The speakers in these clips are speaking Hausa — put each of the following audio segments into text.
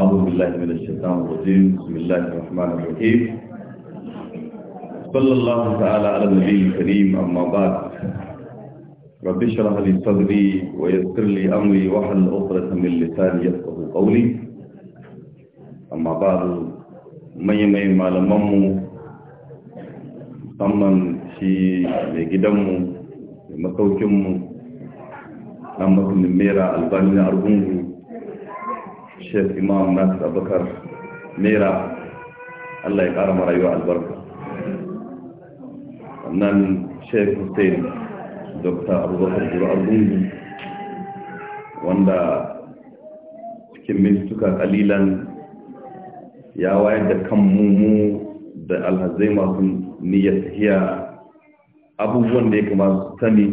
أعوذ بالله من الشيطان الرجيم بسم الله الرحمن الرحيم صلى الله تعالى على النبي الكريم أما بعد رب اشرح لي صدري ويسر لي أمري واحلل عقدة من لساني يفقهوا قولي أما بعد مي مي malamanmu musamman في mai gidanmu mai masaukinmu ɗan masulun mera albani shek imam nasir abubakar mera allah ya kara marayuwa albarka sannan shek hussein dr abubakar jura argungu wanda cikin mintuka kalilan ya wayar da kan mumu da alhazai masu niyyar tafiya abubuwan da ya kamata su sani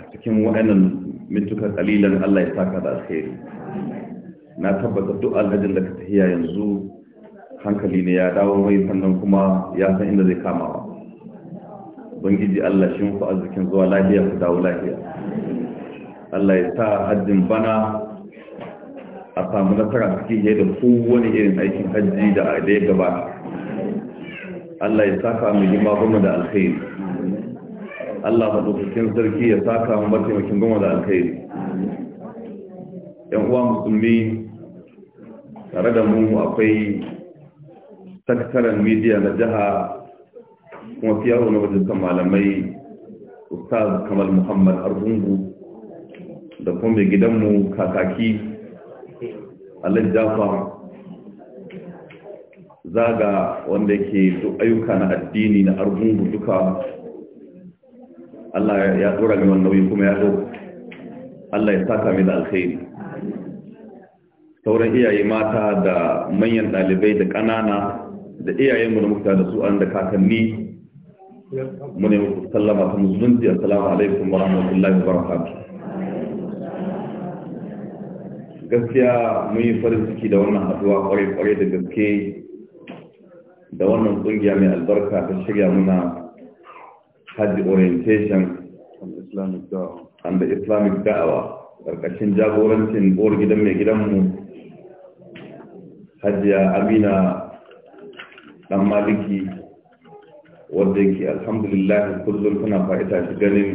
a cikin waɗannan mintuka kalilan Allah ya saka da alheri na tabbata duk alhajin da ka tafiya yanzu hankali ne ya dawo mai sannan kuma ya san inda zai kama ba Bangiji Allah shi muku arzikin zuwa lafiya ku dawo lafiya Allah ya sa hajjin bana a samu nasara cikin yadda da wani irin aikin hajji da ya gabata Allah ya saka mu himma da alheri Allah madaukakin sarki ya saka mu mataimakin goma da alkhairi yan uwa musulmi tare da mu akwai sakataren midiya na jiha kuma fiyarwa e na majalisar malamai ustaz kamal muhammad arzungu da kuma mai gidanmu kakaki alin jafa zaga wanda yake duk ayyuka na addini na arzungu duka Allah ya tsora ga nauyi kuma ya zo, Allah ya saka mai da alkhairi sauran iyaye mata da manyan ɗalibai da ƙanana da iyayenmu da muka da su an da kakanni mu ne muku sallama ta musulunci assalamu alaikum wa rahmatullahi wa barakatuh gaskiya mun yi farin ciki da wannan haduwa kwarai-kwarai da gaske da wannan kungiya mai albarka ta shirya muna had the orientation on Islamic da'wa and the Islamic karkashin jagorancin uwar gidan mai gidanmu hajiya amina dan maliki wadda yake alhamdulillah kullum tana fa'ita shi ganin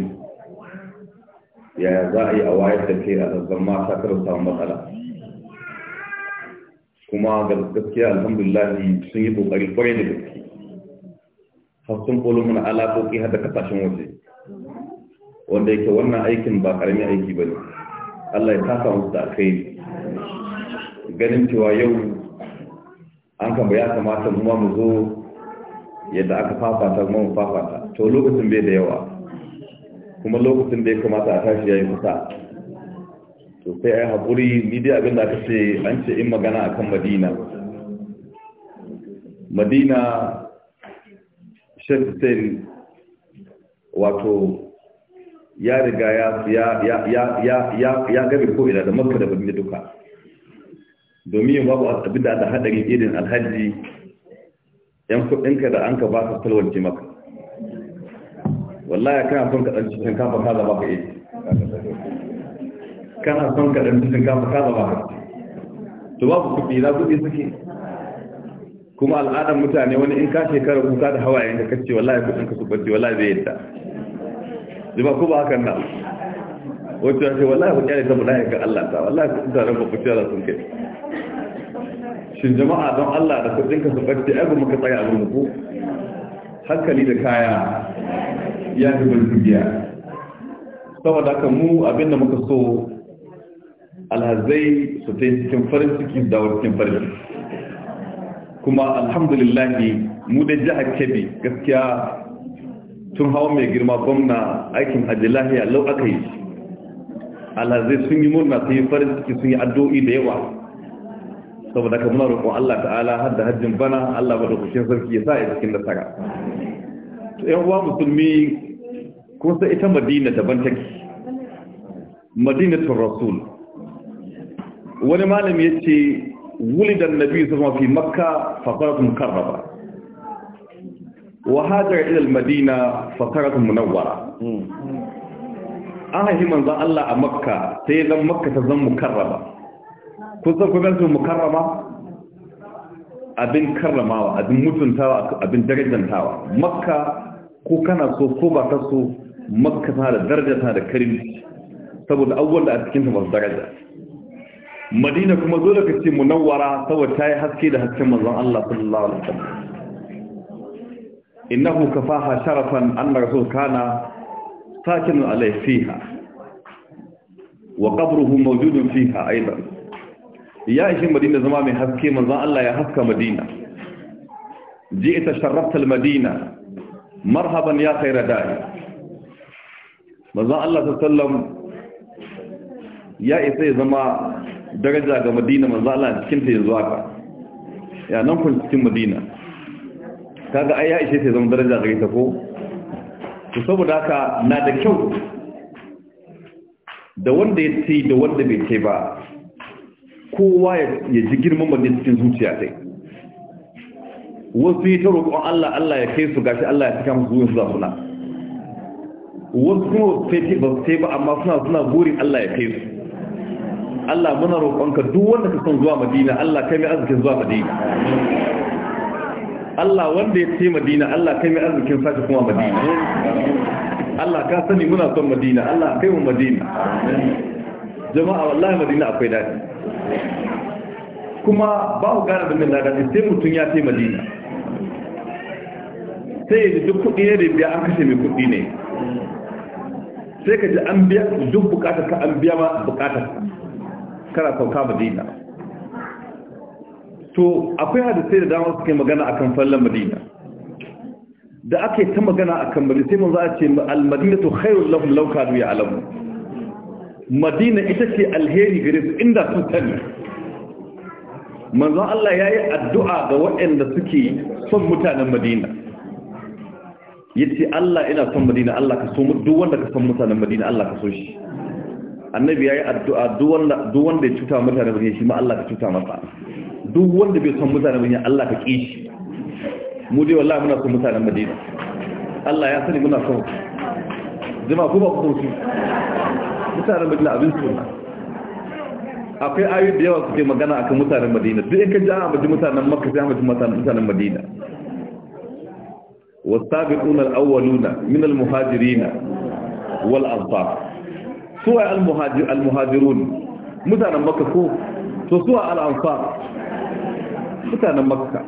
yaya za a yi a wayar da kai a zazzan mata kar samu matsala kuma gaskiya alhamdulillah sun yi kokari kwarai da gaske fasun bolo mana ki har da kasashen waje wanda yake wannan aikin ba ƙaramin aiki ba ne allah ya kasa musu da kai ganin cewa yau an kama ya kamata mu mu zo yadda aka fafata kuma mu fafata to lokacin bai da yawa kuma lokacin da ya kamata a tashi ya yi kusa to sai a yi haƙuri ni dai abin da aka ce an ce in magana akan madina madina shakisari wato ya riga ya gabe ina da makka da babin duka domin yin babu abin da haɗarin irin alhaji yan ka da an ka ba ka talwanci maka wallaya kana son dan cikin kafa kaza ba ka iya kana son dan cikin kafa kaza ba ka to babu kudi na kuɗi suke kuma al'adar mutane wani in ka shekara kuka da hawayen ka kace wallahi kudin ka su subarci wallahi zai yadda zuba ko ba hakan nan Wacce ya ce wallahi ku kyale ta mu dai ga Allah ta wallahi ku da rabu ku da sun kai shin jama'a don Allah da kudin ka subarci ai muka tsaya a gurin ku hankali da kaya ya fi biya saboda haka mu abinda muka so alhazai su ta cikin farin ciki da cikin farin ciki kuma alhamdulillah mu da jihar kebbi gaskiya tun hawa mai girma gwamna aikin hajji lahiya lau aka yi sun yi murna sun yi farin ciki sun yi addu'o'i da yawa saboda ka muna roƙon Allah ta'ala har da hajjin bana Allah ba da kushin sarki ya sa a cikin nasara to yan uwa musulmi kun sai ita madina daban take madinatul rasul wani malami yace ولد النبي صلى الله عليه وسلم في مكة فقرة مكرمة وهاجر إلى المدينة فقرة منورة أهي من ذا الله مكة سيدا مكة تظن مكرمة كنت كنت مكرمة abin karramawa abin mutuntawa abin darajantawa makka ko kana so ko ba ta so makka tana da daraja tana da karimci saboda abubuwan da a cikin ta masu daraja madina kuma dole ka ce munawwara saboda ta yi haske da hasken manzon Allah sallallahu alaihi wasallam innahu kafaha sharafan anna rasul kana sakinun alayhi fiha wa qabruhu mawjudun fiha aidan ya ishi madina zama mai haske manzon Allah ya haska madina ji'ta sharafta al-madina marhaban ya khayra da'i manzon Allah sallallahu alaihi wasallam ya isa zama daraja ga madina manzo Allah cikin ta yanzu haka ya nan kun cikin madina kaga ai ya ishe zama daraja gare ta ko to saboda haka na da kyau da wanda ya ce da wanda bai ce ba kowa ya ji girman madina cikin zuciya sai wasu yi ta roƙon Allah Allah ya kai su gashi Allah ya cika musu zuwa za su na wasu kuma sai ba amma suna suna burin Allah ya kai su Allah muna roƙonka duk wanda ka son zuwa Madina Allah kai mai arzikin zuwa Madina Allah wanda ya ce Madina Allah kai mai arzikin sake kuma Madina Allah ka sani muna son Madina Allah kai mu Madina jama'a wallahi Madina akwai dadi kuma ba ku gane bin da dadi sai mutum ya ce Madina sai da duk kuɗi ne da biya an kashe mai kuɗi ne sai ka ji an biya duk bukatar ka an biya ma bukatar kana sauka madina to akwai hadisai da dama suke magana akan fallan madina da ake ta magana akan madina sai mun za a ce al-madinatu khairul lahum law kanu ya'lamu madina ita ce alheri gare su inda su sani manzo Allah ya yi addu'a ga waɗanda suke son mutanen madina ya ce Allah ina son madina Allah ka so duk wanda ka son mutanen madina Allah ka so shi annabi yayi addu'a duk wanda duk ya cuta mutane bane shi ma Allah ka cuta masa duk wanda bai son mutane bane Allah ka ki shi mu dai wallahi muna son mutanen Madina Allah ya sani muna son jama'a ko ba ku so mutanen Madina abin su akwai ayoyi da yawa suke magana akan mutanen Madina duk in ka ji an mutanen Makka sai an mutanen Madina والسابقون الأولون من المهاجرين والأنصار suwa al-muhajirun mutanen makka ko to suwa al-ansar mutanen makka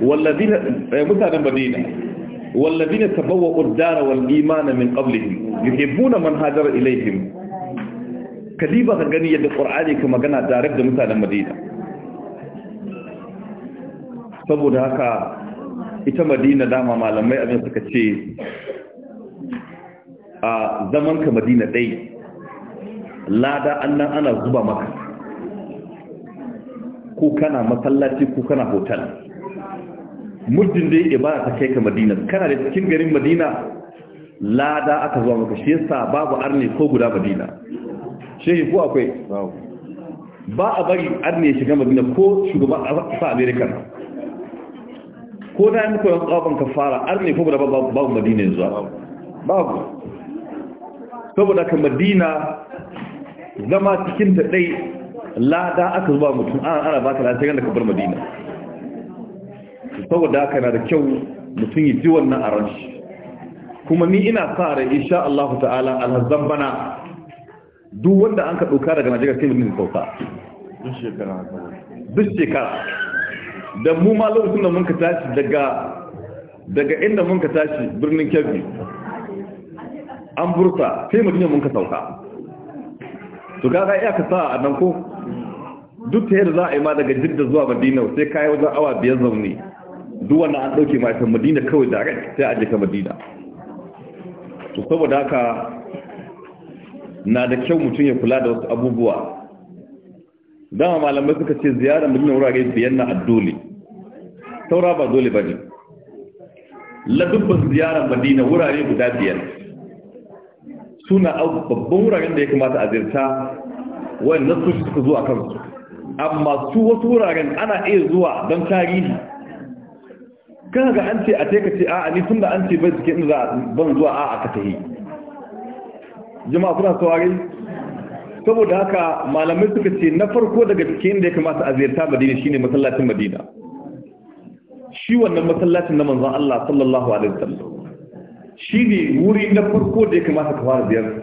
walladina eh, mutanen madina walladina tabawwa'u ad-dara wal imana min qablihim yuhibbuna man hajara ilayhim kadiba ka gani yadda qur'ani ka magana direct da mutanen madina saboda haka ita madina dama malamai abin suka ce a zaman ka madina dai lada annan ana zuba maka ko kana masallaci ko kana hotel muddin dai ibada ta kai ka madina kana da cikin garin madina lada aka zuwa maka shi yasa babu arne ko guda madina shehi ko akwai ba a bari arne ya shiga madina ko shugaban sa america ko da muku yan kafin ka fara arne ko guda babu madina yanzu babu saboda ka madina zama cikin da dai lada aka zuba mutum ana ana ba ka lantarki da kabar madina saboda haka yana da kyau mutum yi ji wannan a ran shi kuma ni ina sa rai insha Allah ta'ala alhazzan bana duk wanda an ka ɗauka daga Najeriya sai mutum sauka duk shekara da mu ma lokacin da mun ka tashi daga daga inda mun ka tashi birnin Kebbi an burta sai mutum mun ka sauka to gaga iya ka sa a nan ko duk ta yadda za a yi ma daga jidda zuwa madina sai kayi wajen awa biyar zaune duk wannan an ɗauke ma ta madina kawai direct sai a jika madina to saboda haka na da kyau mutum ya kula da wasu abubuwa dama malamai suka ce ziyarar madina wurare biyan na addole saura ba dole ba ne ladubban ziyarar madina wurare guda biyar suna babban wuraren da ya kamata a zirta wanda su suka zuwa kansu amma su wasu wuraren ana iya zuwa don tarihi kan ga an ce a teka ce a ni tun da an ce bai suke da ban zuwa a aka yi jama'a suna saurari saboda haka malamai suka ce na farko daga cikin inda ya kamata a ziyarta madina shine masallacin madina shi wannan masallacin na manzon Allah sallallahu alaihi wasallam shi ne wuri na farko da ya kamata ka fara biyar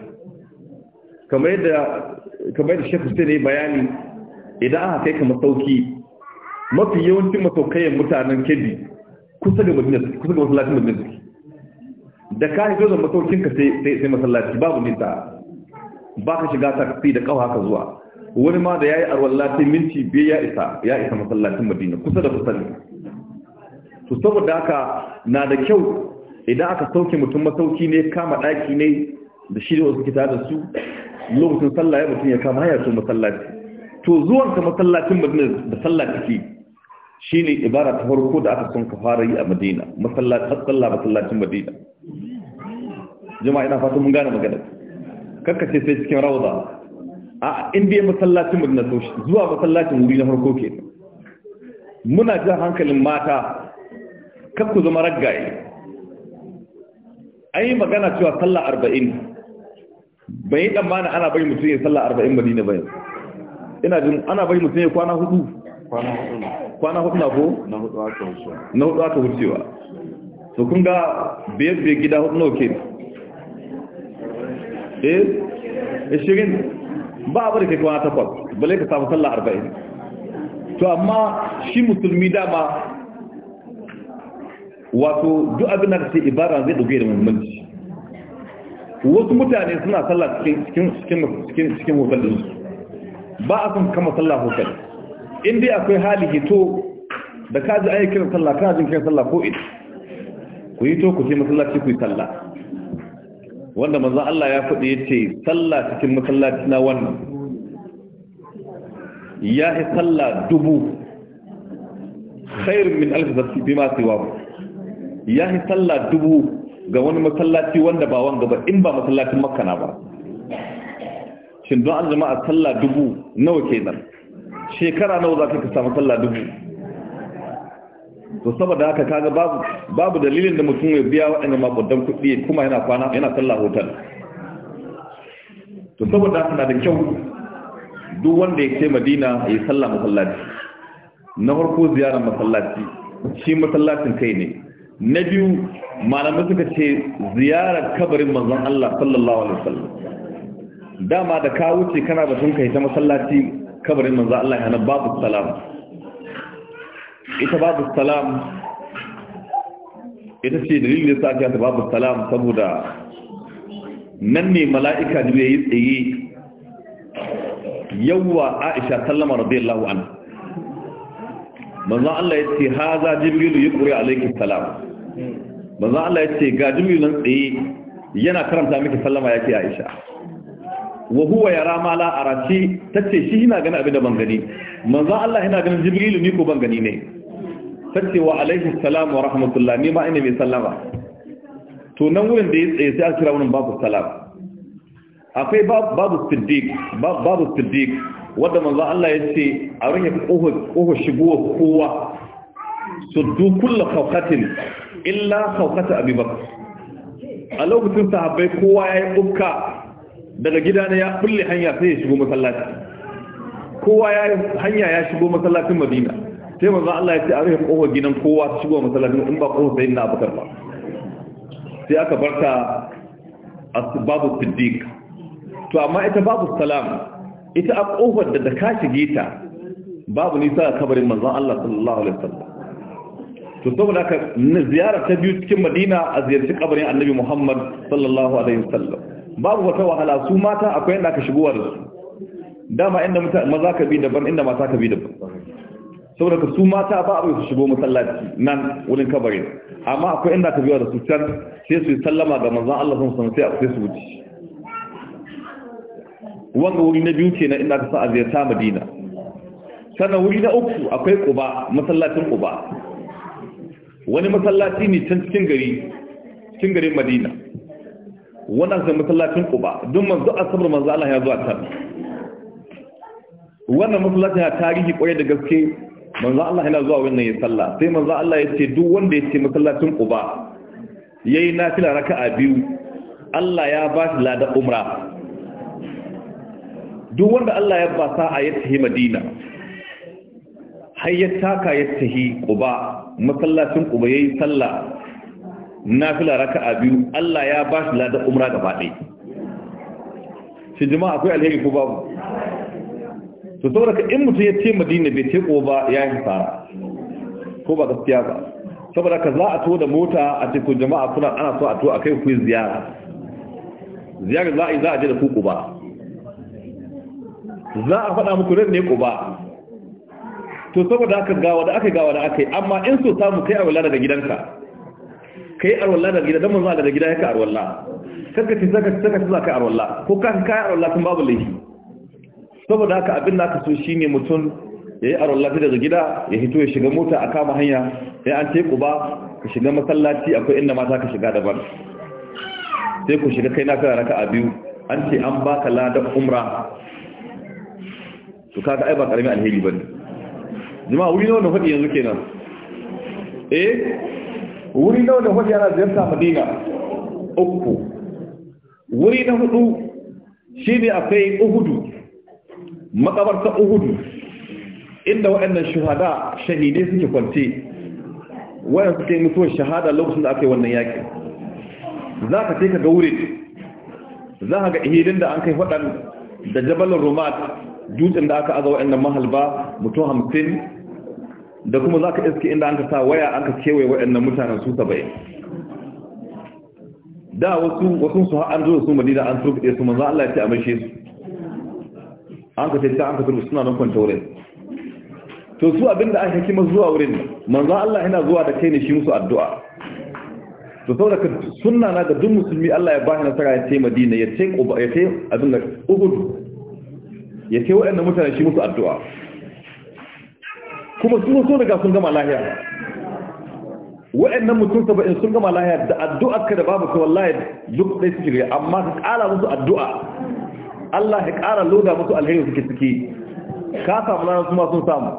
kamar yadda shek sai ne bayani idan aka kai ka masauki mafi yawancin masaukayen mutanen kebbi kusa ga masallacin madina suke da ka hito da masaukinka sai masallaci babu nita ba ka shiga fi da kawo haka zuwa wani ma da ya yi arwallatin minti biyu ya isa ya isa masallacin madina kusa da kusa ne su saboda haka na da kyau idan aka sauke mutum masauki ne kama ɗaki ne da shi da wasu kita da su lokacin sallah ya mutum ya kama hanyar su masallaci to zuwanka masallacin madina da sallah kake shi ne ibara ta farko da aka son ka fara yi a madina sallah masallacin madina jama'a ina fata mun gane magana ce sai cikin rawuza a indiya masallacin madina to zuwa masallacin wuri na farko ke muna jan hankalin mata kakku zama raggaye an yi magana cewa sallah arba'in bai yi ɗanmana ana bai mutum ya sallah arba'in ba madina bayan ina jin ana bai mutum ya kwana hudu kwana hudu na ko? na hudu aka wucewa na so kun ga biyar biyar gida hudu na oke eh shirin ba abu da ke kwana takwas bale ka samu sallah arba'in to amma shi musulmi dama wato duk abin da ka ce ibara zai ɗauke da muhimmanci wasu mutane suna sallah cikin cikin cikin hotel din ba a son kama sallah hotel in dai akwai hali hito da kaji ayi kiran sallah kana jin kiran sallah ko ita ku yi to ku ce masallaci ku yi sallah wanda manzon Allah ya faɗi ya ce sallah cikin masallaci na wannan ya yi sallah dubu khair min alf zati bima siwa ya yi sallah dubu ga wani masallaci wanda ba wanga ba in ba masallacin makana ba shin don an a sallah dubu nawa ke nan? shekara nawa za ka ka samu sallah dubu to saboda haka kaga babu babu dalilin da mutum ya biya waɗanda makudan kuɗi kuma yana kwana yana sallah hotel to saboda haka na da kyau duk wanda ya ce madina ya yi sallah masallaci na farko ziyarar masallaci shi masallacin kai ne na biyu malamai suka ce ziyarar kabarin manzon Allah sallallahu alaihi wasallam dama da ka wuce kana batun kai ta masallaci kabarin manzon Allah yana babu salam ita babu salam ita ce dalilin da sa ta babu salam saboda nan ne mala'ika da yayi tsaye yawwa Aisha sallama radiyallahu anha manzon Allah ya ce haza jibril yuqri alayki salam manzo Allah ya ce ga jumlan tsaye yana karanta miki sallama yake Aisha wa huwa yara ma la arati tace shi yana ganin abin da ban gani manzo Allah yana ganin Jibril ni ko ban gani ne tace wa alaihi salam wa rahmatullah ni ma ina mai sallama to nan wurin da ya tsaye sai a kira wurin babu salam akwai babu siddiq babu siddiq wanda manzo Allah ya ce a rufe kohon shigo kowa su suddu kullu khawqatin illa saukata abi bakar a lokacin sahabbai kowa ya yi ɓubka daga gida na ya bulle hanya sai ya shigo masallaci kowa ya hanya ya shigo masallacin madina sai maza Allah ya ce a rufe kofar gidan kowa ta shigo masallacin in ba kofar sai na abubakar ba sai aka barta a babu siddiq to amma ita babu salam ita a kofar da da ka shige ta babu nisa a kabarin manzo Allah sallallahu alaihi wasallam to saboda ka ziyara ta biyu cikin madina a ziyarci kabarin annabi muhammad sallallahu alaihi wasallam babu wata wahala su mata akwai inda ka shigowa da su dama inda maza ka bi daban inda mata ka bi daban saboda ka su mata ba a su shigo masallaci nan wurin kabarin amma akwai inda ka biyo da su can sai su yi sallama ga manzon Allah sun san sai a su wuce wanga wuri na biyu kenan inda ka sa a ziyarta madina sannan wuri na uku akwai kuba masallacin kuba wani masallaci ne can cikin gari cikin garin madina wani sai masallacin kuba don manzo asabar manzo Allah ya zuwa can wannan masallacin ya tarihi kwaye da gaske manzo Allah yana zuwa wannan ya salla sai manzo Allah ya ce duk wanda ya ce masallacin kuba yayi nafila raka'a biyu Allah ya ba shi lada umra duk wanda Allah ya ba sa'a ya tafi madina har ya taka ya tahi ƙuba masallacin ƙuba ya yi sallah na fila a biyu Allah ya ba shi ladar umra gaba ɗai shi jama'a akwai alheri ko babu to saboda ka in mutum ya ce madina bai ce ƙuba ya yi fara ko ba gaskiya ba saboda ka za a to da mota a ce jama'a kuna ana so a to a kai ku ziyara ziyara za a yi za a je da ku ƙuba za a faɗa muku ne ƙuba to saboda aka gawa da aka gawa da aka yi amma in so samu kai arwala daga gidanka kai arwala daga gidan manzo daga gida yake arwala saka ci saka saka zaka ci zaka arwala ko ka kai arwala kun babu laifi saboda haka abin da aka so shine mutum yayi arwala daga gida ya hito ya shiga mota a kama hanya sai an teku ba ka shiga masallaci akwai inda mata ka shiga daban sai ku shiga kai na raka raka'a biyu an ce an baka ladan umra to kaga ai ba karami alheri bane jama'a wuri nawa da faɗi yanzu kenan eh wuri nawa da faɗi yana ziyarta madina uku wuri na hudu shi ne akwai uhudu makabarta uhudu inda waɗannan shahada shahidai suke kwance waɗanda suke mutuwar shahada lokacin da aka yi wannan yaƙi za ka ce ka ga wurin za ka ga ihidin da an kai faɗan da jabalin rumat dutsen da aka aza waɗannan mahalba mutum hamsin da kuma za ka iske inda an ka sa waya an ka kewaye waɗannan mutanen su saba'in da wasu wasu su an zo su madina an turbe su manzo Allah ya ce a mashi su an ka tace an ka turbe suna nan kwanta wurin to su abinda an masu zuwa wurin manzo Allah yana zuwa da kai ne shi musu addu'a to saboda sunna na ga duk musulmi Allah ya bashi nasara ya ce madina ya ce ya ce abin da ugudu ya ce waɗannan mutanen shi musu addu'a kuma su sun riga sun gama lahiya wa'annan mutum saba'in sun gama lahiya da addu'a ka da babu ta wallahi duk ɗaya su shirya amma ka ƙara musu addu'a Allah ya ƙara loda musu alheri suke suke ka samu ranar su ma sun samu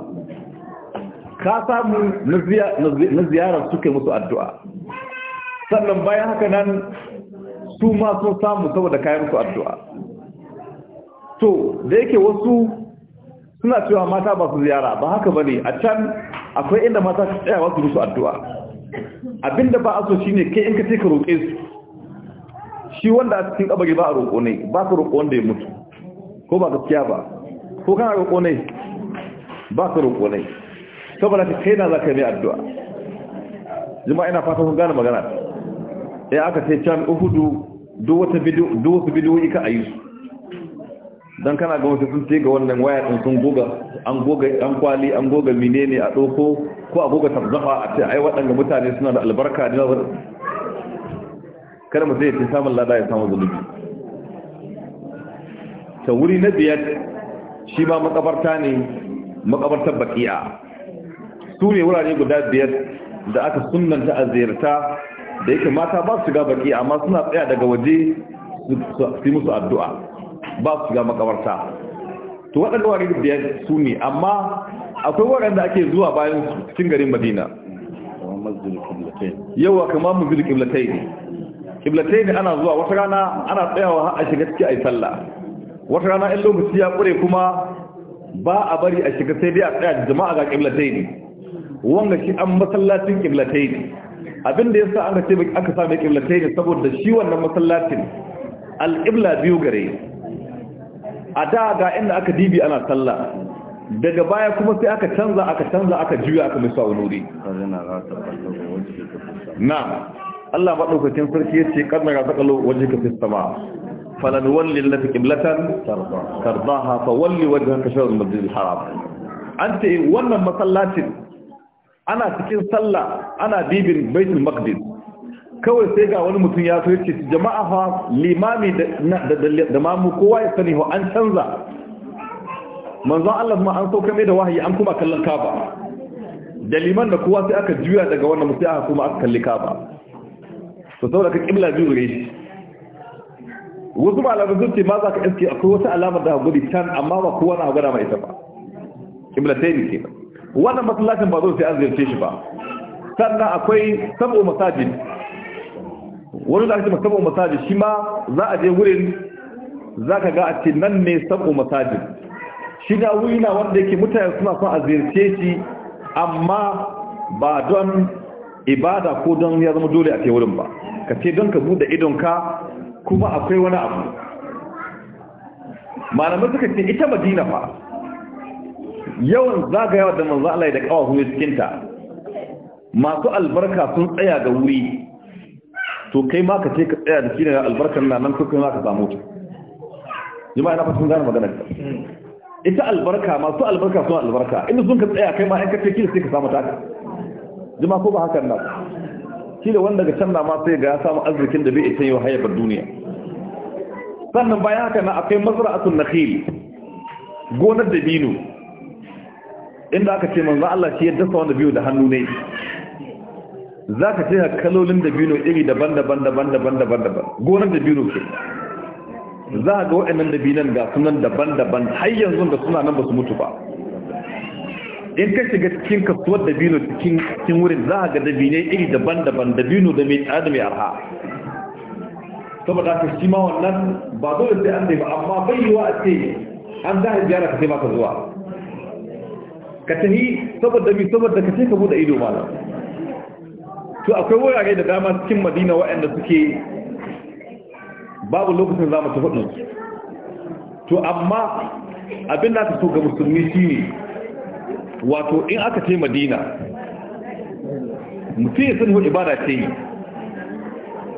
ka samu na ziyarar suke musu addu'a sannan bayan haka nan su ma sun samu saboda kayan su addu'a to da yake wasu suna cewa mata ba su ziyara ba haka bane a can akwai inda mata su tsaya wasu musu addu'a abinda ba a so shine kai in ka ce ka roƙe su shi wanda a cikin kabari ba a roƙo ne ba ka roƙo wanda ya mutu ko ba gaskiya ba ko kana roƙo ne ba ka roƙo ne saboda ka kai na za ka yi addu'a jama'a ina fata kun gane magana ya aka ce can uhudu duk wata bidiyo duk wata bidiyo ka ayi su don kana ga wata sun tega wannan waya ɗin sun goga an goga an kwali an goga menene a ɗoko ko a goga tabzafa a ce ai waɗanda mutane suna da albarka da nazar kada mu sai ya samun lada ya samu zulubi ta wuri na biyar shi ma makabarta ne makabartar baki'a su ne wurare guda biyar da aka sunanta a ziyarta da yake mata ba su shiga baki amma suna tsaya daga waje su yi musu addu'a ba su shiga makabarta to waɗanda wani biyar su ne amma akwai waɗanda ake zuwa bayan cikin garin madina kamar kama mazul kiblatai ne kiblatai ne ana zuwa wata rana ana tsayawa a shiga ciki a yi sallah wata rana in lokaci ya ƙure kuma ba a bari a shiga sai dai a tsaya da jama'a ga kiblatai ne wanga shi an masallacin kiblatai ne abinda ya sa aka ce aka sami kiblatai ne saboda shi wannan masallacin al'ibla biyu gare a da ga inda aka dibi ana sallah daga baya kuma sai aka canza aka canza aka juya aka misa wuri na Allah maɗaukakin sarki yace ce ƙarnar ga sakalo waje ka fista falan walli lati ƙiblatan tardaha fa walli wajen ka shawar masjidil haram an ce wannan masallacin ana cikin sallah ana dibin baitul maqdis kawai sai ga wani mutum ya so ce jama'a fa limami da mamu kowa ya sani ho an canza manzon Allah ma an sauka mai da wahayi an kuma kallon kaba da liman da kowa sai aka juya daga wannan mutum aka kuma aka kalli kaba to saboda ka kibla biyu gare shi wasu malamai sun ce ma za ka iske akwai wata alamar da gudi can amma ba kowa na gwada mai ita ba kibla ta yi ke wannan masallacin ba zo sai an ziyarce shi ba sannan akwai sabo masajin wani da ake makabon masajin shi ma za a je wurin za ka ga a ce nan ne sabo masajin shi na wuri na wanda yake mutane suna son a ziyarce shi amma ba don ibada ko don ya zama dole a ke wurin ba ka ce don ka buɗe idonka kuma akwai wani abu malamai suka ce ita madina fa yawan zagayawa da manzo Allah da kawahu ta masu albarka sun tsaya ga wuri to kai ma ka ce ka tsaya da shi ne albarkar na nan kai ma ka samu ta jama'a na fatan gane magana ta ita albarka masu albarka su albarka in sun ka tsaya kai ma in ka ce kila sai ka samu ta jama'a ko ba hakan na da wanda ga can ma sai ga ya samu arzikin da bai ita yau hayabar duniya sannan bayan haka na akwai mazra'atun nakhil gonar dabino inda aka ce manzo Allah shi ya dasa wanda biyu da hannu ne za ka taya kalolin dabino iri daban-daban daban-daban daban-daban gonar dabino ke za a ga waɗannan dabinan ga sunan daban-daban har yanzu da suna nan ba su mutu ba in ka shiga cikin kasuwar dabino cikin wurin za a ga dabine iri daban-daban dabino da mai tsada mai arha saboda ka shi ma wannan ba dole sai an ba amma bai yiwa a ce an za a ziyara ka sai ba ka zuwa ka tafi saboda saboda ka ce ka bude ido malam to akwai wurare da dama cikin madina waɗanda suke babu lokacin za mu ta faɗin to amma abin da aka so ga musulmi shi ne wato in aka ce madina mutum ya sanu ibada ce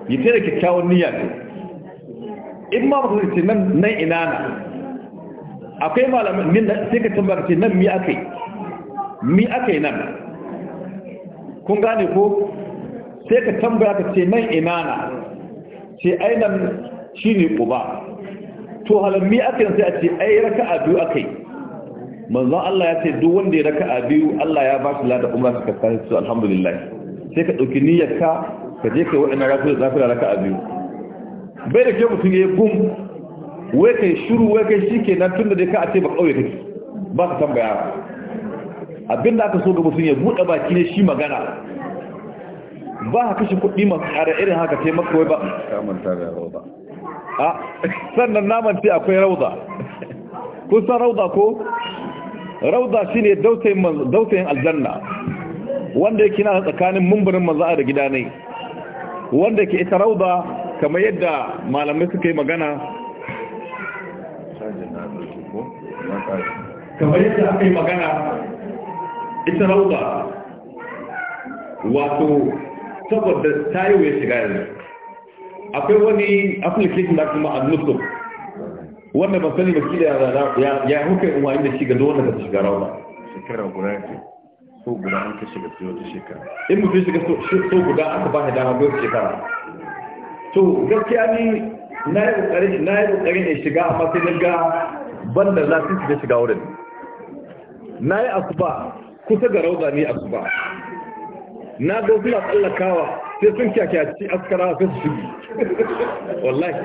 yi ya ce da kyakkyawan niyya ce in ma mutum ce nan nan ina na akwai malamin sai ka tambara ce nan mi aka yi nan kun gane ko sai ka tambaya ka ce mai imana, ce ainihin shi ne ƙuba to halammi aka yanzu a ce ai raka a biyu aka yi manzan Allah ya ce duk wanda ya raka a biyu Allah ya ba shi lada kuma ka kasa su alhamdulillah sai ka ɗauki niyyar ka ka je ka waɗannan rafi da raka a biyu bai da ke mutum ya yi gum wai kai shuru wai kai shi ke nan tun da dai ka a ce ba ƙauye kake ba ka tambaya abinda aka so ga mutum ya buɗe baki ne shi magana ba ka kashe kuɗi masu tsara irin haka sai maka wai ba a sannan naman ce akwai rauda kun san rauda ko rauda shine dausayin aljanna wanda yake na tsakanin mumbarin maza da gida ne wanda ke ita rauda kamar yadda malamai suka yi magana kamar yadda aka yi magana ita rauda wato saboda ta yi shiga yanzu akwai wani application da kuma annusuk wanda ba sani ba kila ya ya hukai in wani da shi ga wanda ka shiga rawa shekara guda ce so guda an ka shiga sai da shekara in mutum shiga so guda aka ba shi dama bai shekara to gaskiya ni na yi kokari na yi kokari ne shiga amma sai daga ga banda lafiya shiga wurin na yi asuba kusa ga rauza ne asuba na ga suna tsallakawa sai sun kyakyaci askara a kasu shigi wallahi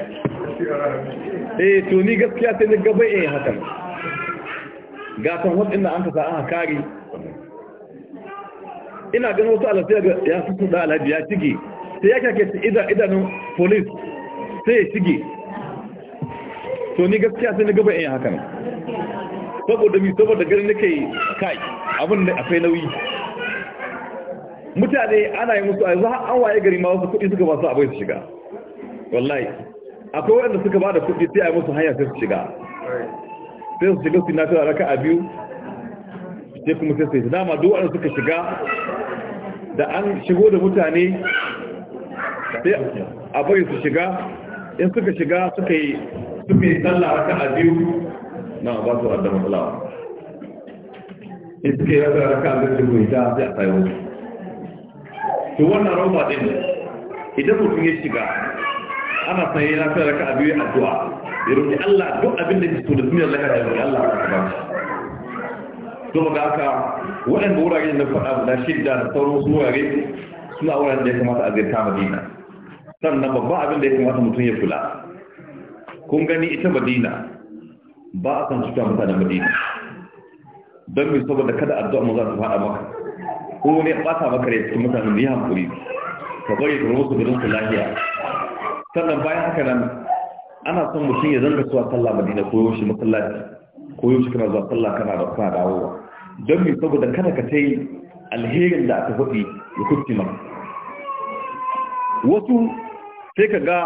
eh to ni gaskiya sai ni gaba e hakan gatan wadanda an kasa aka kare ina gano wasu alasai ga ya fi da alhaji ya shige sai ya kyakyaci idanun polis sai ya shige to ni gaskiya sai ni gaba e hakan saboda mi saboda garin nake kai abin da akwai nauyi mutane ana yi musu a yanzu an waye gari ma wasu kuɗi suka ba su abin su shiga wallahi akwai waɗanda suka ba da kuɗi sai a yi musu hanya sai su shiga sai su shiga su na tura raka a biyu sai kuma sai sai dama duk wanda suka shiga da an shigo da mutane sai abai su shiga in suka shiga suka yi suka yi sallah raka a biyu na ba su adda matsalawa in suka yi raka a biyu sai a tsaye wasu to wannan rauma din idan mutum ya shiga ana san na sai raka a biyu addu'a ya roki Allah duk abin da ke so da sunan Allah ya roki Allah ya ba shi to ga haka waɗanda wuraren na faɗa da shidda da sauran su wurare suna wuraren da ya kamata a zirta Madina sannan babban abin da ya kamata mutum ya kula kun gani ita Madina ba a san cuta mutanen Madina don mai saboda kada addu'a mu za su faɗa maka ko wani ya maka rai cikin mutanen da ya hankuri ka bari ka rosu gudun su lafiya sannan bayan haka nan ana son mutum ya zanga zuwa sallah madina ko yaushe masallaci ko yaushe kana zuwa sallah kana da kana dawowa don me saboda kada ka tai alherin da aka faɗi ya kusti ma wasu sai ka ga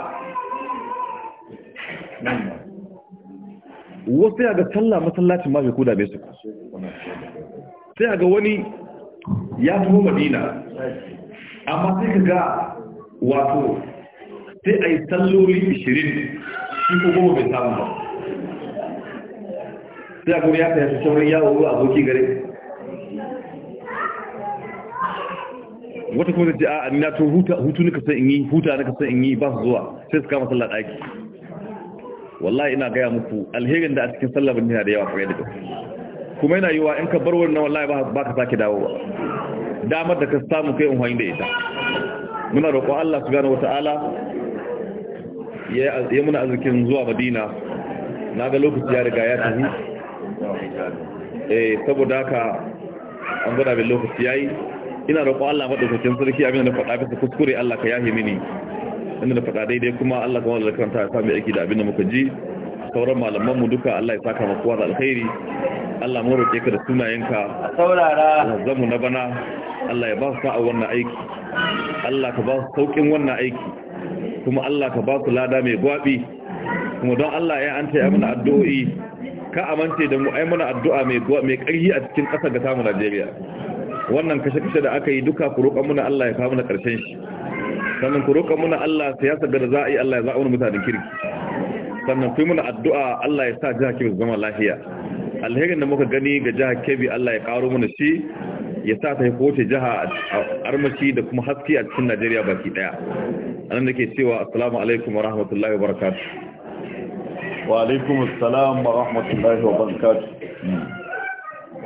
wasu ya ga sallah masallacin ma bai koda bai su sai ga wani ya tuho madina amma sai ka ga wato sai a yi salloli ishirin shi ko goma bai samu ba sai a kuma ya fahimci sauran yawo ruwa aboki gare wata kuma ce a amina to hutu nika san in yi huta nika san in yi ba su zuwa sai su kama sallar daki wallahi ina gaya muku alherin da a cikin sallar bin yana da yawa kwaye da gaske kuma yana yiwa in ka bar nan wallahi ba ka sake dawowa damar da ka samu kai unhwayin da ita muna roƙon Allah subhanahu wata'ala ya muna arzikin zuwa Madina na ga lokaci ya riga ya tafi eh saboda haka an gwada bin lokaci yayi ina roƙon Allah madaukakin sarki abin da faɗa bisa kuskure Allah ka yahe mini inda da faɗa daidai kuma Allah kuma da karanta ya sami aiki da abin da muka ji sauran malaman mu duka Allah ya saka mu kowa da alkhairi Allah mu ka da sunayenka saurara zamu na bana Allah ya ba su sa'a wannan aiki Allah ka ba su saukin wannan aiki kuma Allah ka ba su lada mai gwabi kuma don Allah ya an taya mana addu'o'i ka amince da mu ai mana addu'a mai mai ƙarfi a cikin ƙasa da samu Najeriya wannan kashe-kashe da aka yi duka ku roƙa muna Allah ya kawo na ƙarshen shi sannan ku roƙa muna Allah siyasa da za a yi Allah ya za'a wani mutanen kirki sannan ku yi muna addu'a Allah ya sa jihar ke zama lafiya alherin da muka gani ga jihar kebbi allah ya karo mana shi ya sa ta kowace jiha a armashi da kuma haske a cikin najeriya baki daya a nan da ke cewa assalamu alaikum wa rahmatullahi wa barakatu wa alaikum assalam wa rahmatullahi wa barakatu hmm.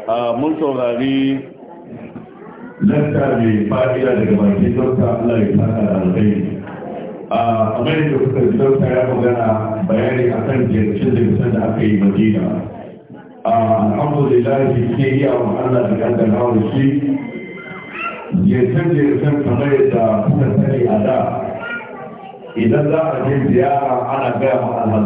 ah, mun saurari lanta mai fadiya daga bakin dokta allah ya fada da alkhairi a ah, kamar yadda kuka ji ya magana bayani akan jirgin da aka yi madina Ah, alhamdulillah ke iya a Allah da kankan hawa shi jirgin san kamar yadda kuka sani a da idan za a je ziyara ana gaya ma